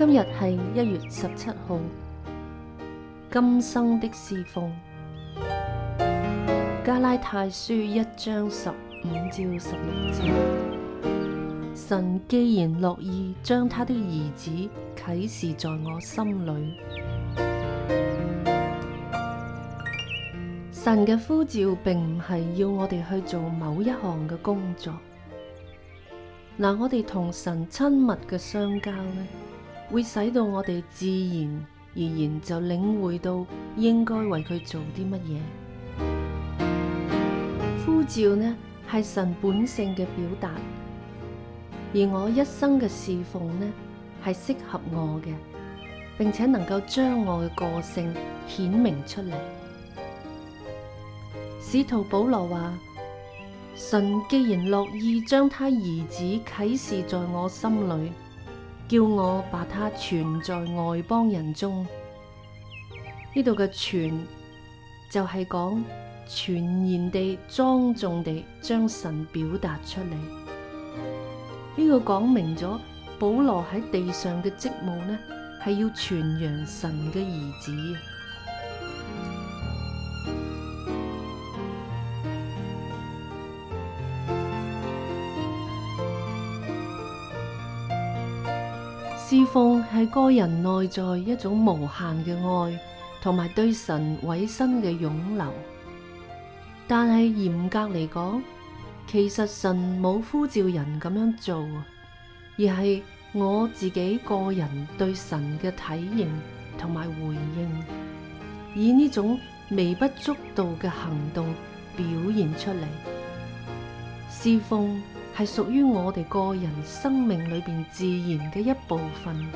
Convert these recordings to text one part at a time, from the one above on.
今日係一月十七號，今生的侍奉，加拉太書一章十五至十六節。神既然樂意將他的兒子啟示在我心裏，神嘅呼召並唔係要我哋去做某一項嘅工作。嗱，我哋同神親密嘅相交呢。會使到我哋自然而然就領會到應該為佢做啲乜嘢。呼召呢係神本性嘅表達，而我一生嘅侍奉呢係適合我嘅，並且能夠將我嘅個性顯明出嚟。使徒保羅話：神既然樂意將他兒子啟示在我心裡。叫我把他傳在外邦人中，呢度嘅傳就係講全然地莊重地將神表達出嚟。呢、這個講明咗保羅喺地上嘅職務呢，係要傳揚神嘅兒子。侍奉係個人內在一種無限嘅愛，同埋對神委身嘅湧流。但係嚴格嚟講，其實神冇呼召人咁樣做，而係我自己個人對神嘅體驗同埋回應，以呢種微不足道嘅行動表現出嚟，侍奉，係屬於我哋個人生命裏邊自然嘅一部分。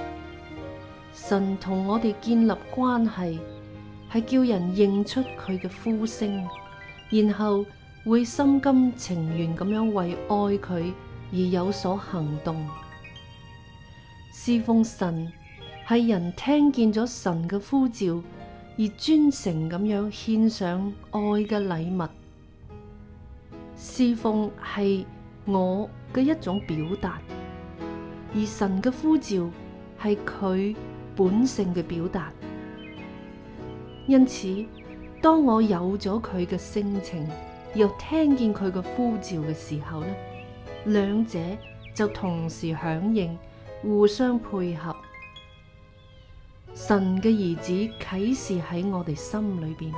神同我哋建立關係，係叫人認出佢嘅呼聲，然後會心甘情願咁樣為愛佢而有所行動。侍奉神係人聽見咗神嘅呼召而專誠咁樣獻上愛嘅禮物。侍奉係。我嘅一種表達，而神嘅呼召係佢本性嘅表達。因此，當我有咗佢嘅性情，又聽見佢嘅呼召嘅時候咧，兩者就同時響應，互相配合。神嘅兒子啟示喺我哋心裏邊，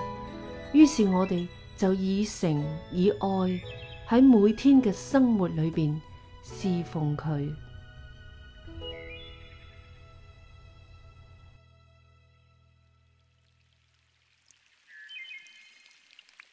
於是我哋就以誠以愛。喺每天嘅生活裏邊侍奉佢。